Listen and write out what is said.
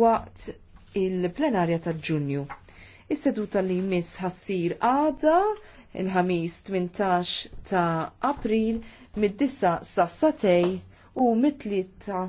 waqt il-plenarja ta' ġunju. Is-seduta li jmiss ħassir għada il-ħamis 18 ta' april mid-disa sa' satej u mit-tlieta